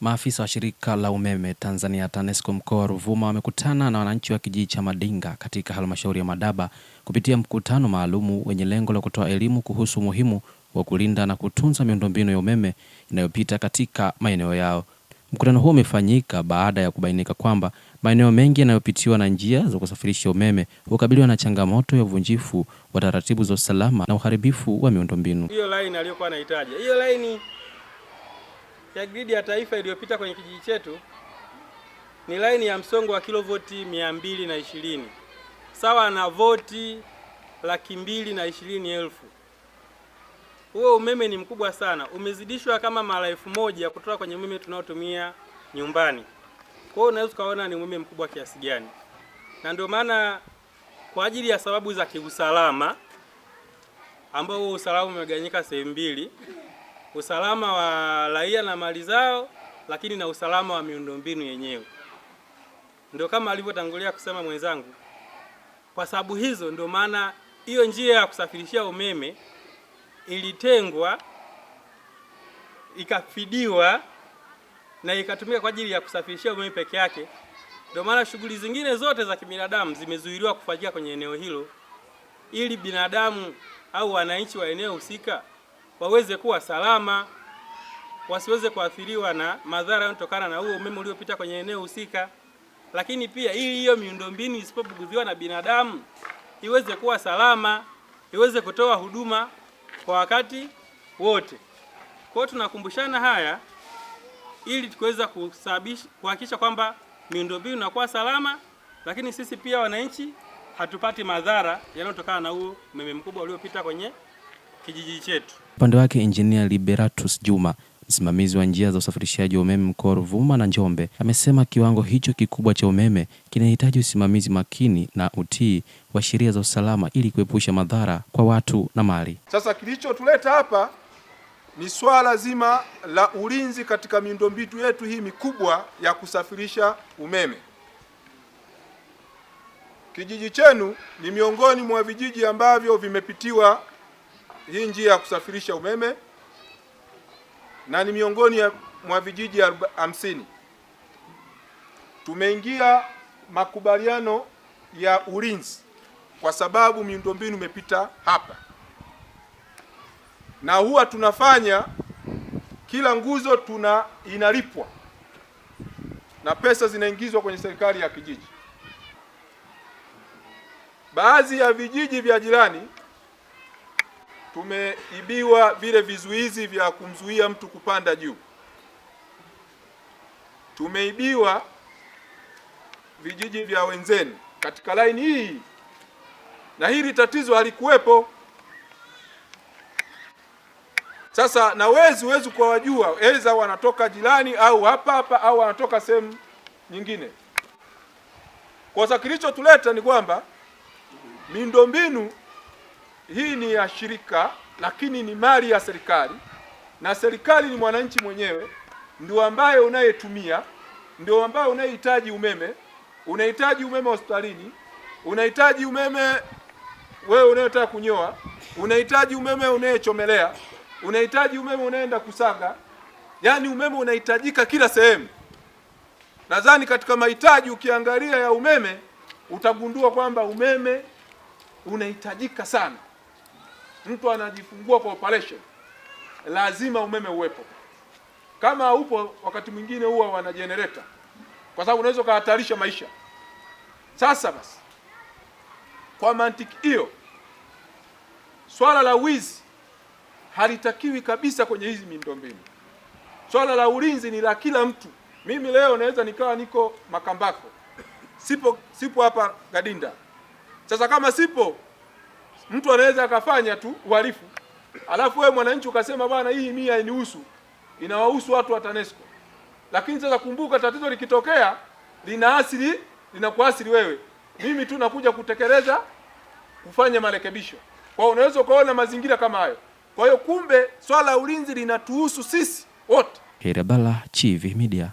Maafisa wa shirika la umeme Tanzania TANESCO mkoa wa Ruvuma wamekutana na wananchi wa kijiji cha Madinga katika halmashauri ya Madaba kupitia mkutano maalumu wenye lengo la kutoa elimu kuhusu umuhimu wa kulinda na kutunza miundombinu ya umeme inayopita katika maeneo yao. Mkutano huo umefanyika baada ya kubainika kwamba maeneo mengi yanayopitiwa na njia za kusafirisha umeme hukabiliwa na changamoto ya uvunjifu wa taratibu za usalama na uharibifu wa miundombinu. Hiyo aliyokuwa anahitaji hiyo ya gridi ya taifa iliyopita kwenye kijiji chetu ni laini ya msongo wa kilovoti ishirini sawa na voti laki mbili na ishirini elfu. Huo umeme ni mkubwa sana, umezidishwa kama mara elfu moja kutoka kwenye umeme tunaotumia nyumbani. Kwa hiyo unaweza ukaona ni umeme mkubwa kiasi gani, na ndio maana kwa ajili ya sababu za kiusalama, ambao huo usalama umegawanyika sehemu mbili usalama wa raia na mali zao, lakini na usalama wa miundombinu yenyewe. Ndio kama alivyotangulia kusema mwenzangu, kwa sababu hizo ndio maana hiyo njia ya kusafirishia umeme ilitengwa ikafidiwa na ikatumika kwa ajili ya kusafirishia umeme peke yake. Ndio maana shughuli zingine zote za kibinadamu zimezuiliwa kufanyika kwenye eneo hilo, ili binadamu au wananchi wa eneo husika waweze kuwa salama, wasiweze kuathiriwa na madhara yanayotokana na huo umeme uliopita kwenye eneo husika. Lakini pia ili hiyo miundombinu isipobuguziwa na binadamu iweze kuwa salama, iweze kutoa huduma kwa wakati wote. Kwa hiyo tunakumbushana haya ili tukiweza kuhakikisha kwamba miundombinu inakuwa salama, lakini sisi pia wananchi hatupati madhara yanayotokana na huo umeme mkubwa uliopita kwenye kijiji chetu. Upande wake Engineer Liberatus Juma msimamizi wa njia za usafirishaji wa umeme mkoa Ruvuma na Njombe amesema kiwango hicho kikubwa cha umeme kinahitaji usimamizi makini na utii wa sheria za usalama ili kuepusha madhara kwa watu na mali. Sasa kilichotuleta hapa ni swala zima la ulinzi katika miundombinu yetu hii mikubwa ya kusafirisha umeme. Kijiji chenu ni miongoni mwa vijiji ambavyo vimepitiwa hii njia ya kusafirisha umeme na ni miongoni mwa vijiji hamsini. Tumeingia makubaliano ya ulinzi kwa sababu miundombinu imepita hapa, na huwa tunafanya kila nguzo tuna inalipwa na pesa zinaingizwa kwenye serikali ya kijiji. Baadhi ya vijiji vya jirani tumeibiwa vile vizuizi vya kumzuia mtu kupanda juu, tumeibiwa vijiji vya wenzenu katika laini hii, na hili tatizo halikuwepo. Sasa na wezi wezi kwa wajua eza wanatoka jirani au hapa hapa au wanatoka sehemu nyingine. Kosa kilichotuleta ni kwamba miundombinu hii ni ya shirika, lakini ni mali ya serikali, na serikali ni mwananchi mwenyewe, ndio ambaye unayetumia, ndio ambaye unayehitaji umeme. Unahitaji umeme hospitalini, unahitaji umeme wewe unayotaka kunyoa, unahitaji umeme unayechomelea, unahitaji umeme unaenda kusaga, yaani umeme unahitajika kila sehemu. Nadhani katika mahitaji ukiangalia ya umeme utagundua kwamba umeme unahitajika sana mtu anajifungua kwa operation, lazima umeme uwepo. Kama upo wakati mwingine huwa wana generator, kwa sababu unaweza ukahatarisha maisha. Sasa basi, kwa mantiki hiyo, swala la wizi halitakiwi kabisa kwenye hizi miundombinu. Swala la ulinzi ni la kila mtu. Mimi leo naweza nikawa niko Makambako, sipo sipo hapa Gadinda. Sasa kama sipo Mtu anaweza akafanya tu uhalifu alafu wewe mwananchi ukasema bwana, hii mimi hainihusu, inawahusu watu wa TANESCO. Lakini sasa kumbuka, tatizo likitokea asili linakuasiri wewe, mimi tu nakuja kutekeleza kufanya marekebisho. Kwa hiyo unaweza ukaona mazingira kama hayo. Kwa hiyo kumbe swala la ulinzi linatuhusu sisi wote. Khairaballa, Chivihi Media.